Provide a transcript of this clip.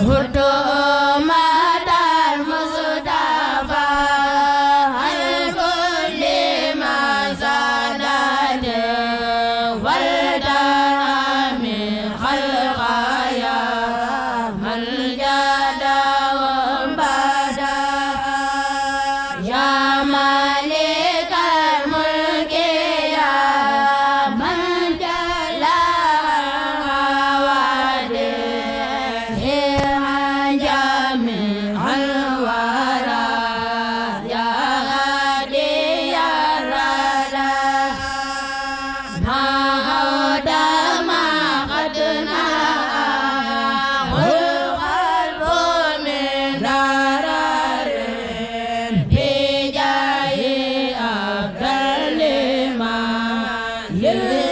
Murdo Yeah.